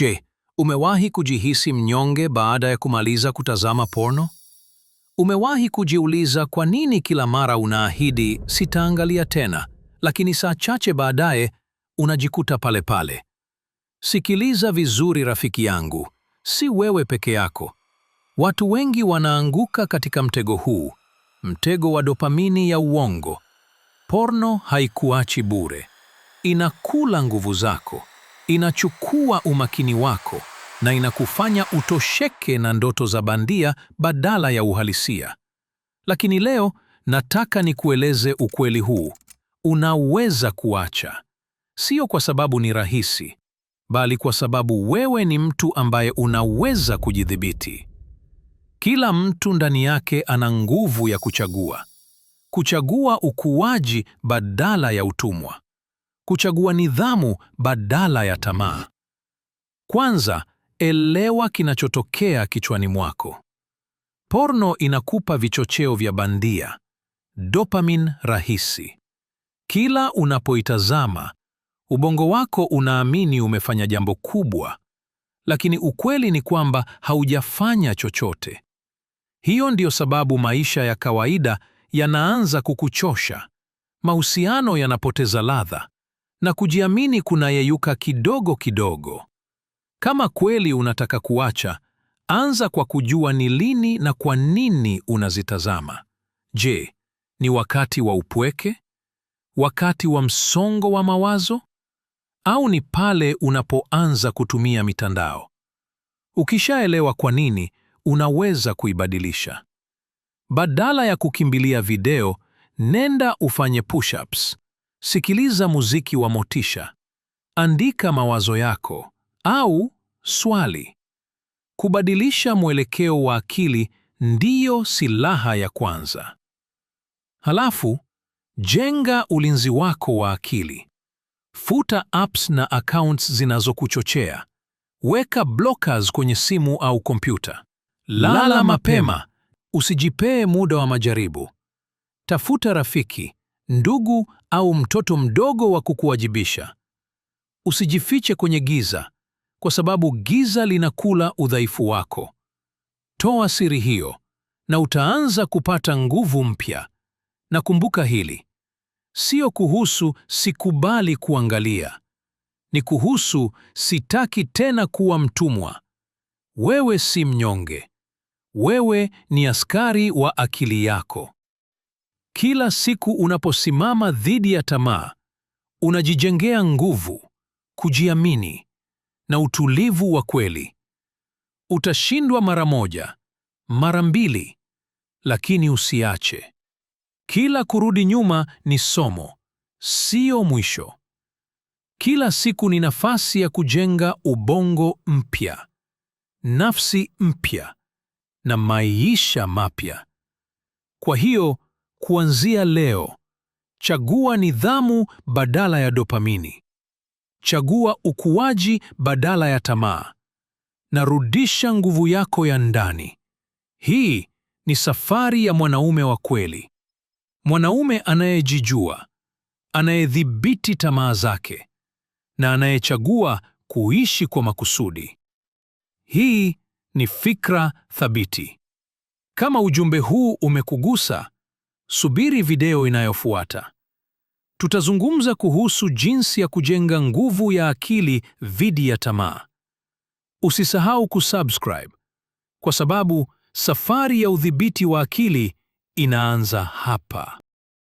Je, umewahi kujihisi mnyonge baada ya kumaliza kutazama porno? Umewahi kujiuliza kwa nini kila mara unaahidi sitaangalia tena, lakini saa chache baadaye unajikuta pale pale? Sikiliza vizuri rafiki yangu, si wewe peke yako. Watu wengi wanaanguka katika mtego huu, mtego wa dopamini ya uongo. Porno haikuachi bure, inakula nguvu zako inachukua umakini wako na inakufanya utosheke na ndoto za bandia badala ya uhalisia. Lakini leo nataka nikueleze ukweli huu: unaweza kuacha, sio kwa sababu ni rahisi, bali kwa sababu wewe ni mtu ambaye unaweza kujidhibiti. Kila mtu ndani yake ana nguvu ya kuchagua, kuchagua ukuaji badala ya utumwa kuchagua nidhamu badala ya tamaa. Kwanza, elewa kinachotokea kichwani mwako. Porno inakupa vichocheo vya bandia, dopamine rahisi. Kila unapoitazama, ubongo wako unaamini umefanya jambo kubwa, lakini ukweli ni kwamba haujafanya chochote. Hiyo ndiyo sababu maisha ya kawaida yanaanza kukuchosha. Mahusiano yanapoteza ladha, na kujiamini kunayeyuka kidogo kidogo. Kama kweli unataka kuacha, anza kwa kujua ni lini na kwa nini unazitazama. Je, ni wakati wa upweke? Wakati wa msongo wa mawazo? Au ni pale unapoanza kutumia mitandao? Ukishaelewa kwa nini, unaweza kuibadilisha. Badala ya kukimbilia video, nenda ufanye push-ups, sikiliza muziki wa motisha, andika mawazo yako au swali. Kubadilisha mwelekeo wa akili ndiyo silaha ya kwanza. Halafu jenga ulinzi wako wa akili. Futa apps na accounts zinazokuchochea. Weka blockers kwenye simu au kompyuta. Lala mapema, usijipee muda wa majaribu. Tafuta rafiki ndugu au mtoto mdogo wa kukuwajibisha. Usijifiche kwenye giza, kwa sababu giza linakula udhaifu wako. Toa siri hiyo na utaanza kupata nguvu mpya. Na kumbuka hili, sio kuhusu sikubali kuangalia, ni kuhusu sitaki tena kuwa mtumwa. Wewe si mnyonge, wewe ni askari wa akili yako. Kila siku unaposimama dhidi ya tamaa, unajijengea nguvu, kujiamini na utulivu wa kweli. Utashindwa mara moja, mara mbili, lakini usiache. Kila kurudi nyuma ni somo, sio mwisho. Kila siku ni nafasi ya kujenga ubongo mpya, nafsi mpya na maisha mapya. Kwa hiyo Kuanzia leo, chagua nidhamu badala ya dopamini. Chagua ukuaji badala ya tamaa, na rudisha nguvu yako ya ndani. Hii ni safari ya mwanaume wa kweli, mwanaume anayejijua, anayedhibiti tamaa zake, na anayechagua kuishi kwa makusudi. Hii ni Fikra Thabiti. Kama ujumbe huu umekugusa, Subiri video inayofuata. Tutazungumza kuhusu jinsi ya kujenga nguvu ya akili dhidi ya tamaa. Usisahau kusubscribe kwa sababu safari ya udhibiti wa akili inaanza hapa.